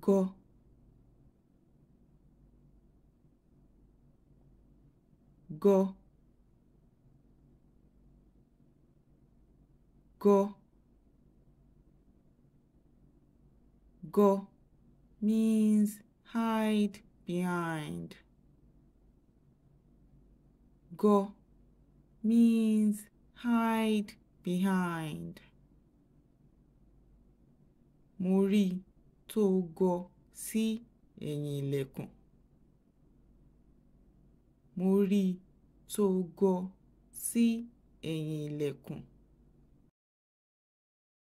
go. Go. Go. Go means hide behind. Go means hide behind. Mori sógo sí ẹ̀yìn ilẹ̀kùn mo rí i tó gọ sí ẹ̀yìn ilẹ̀kùn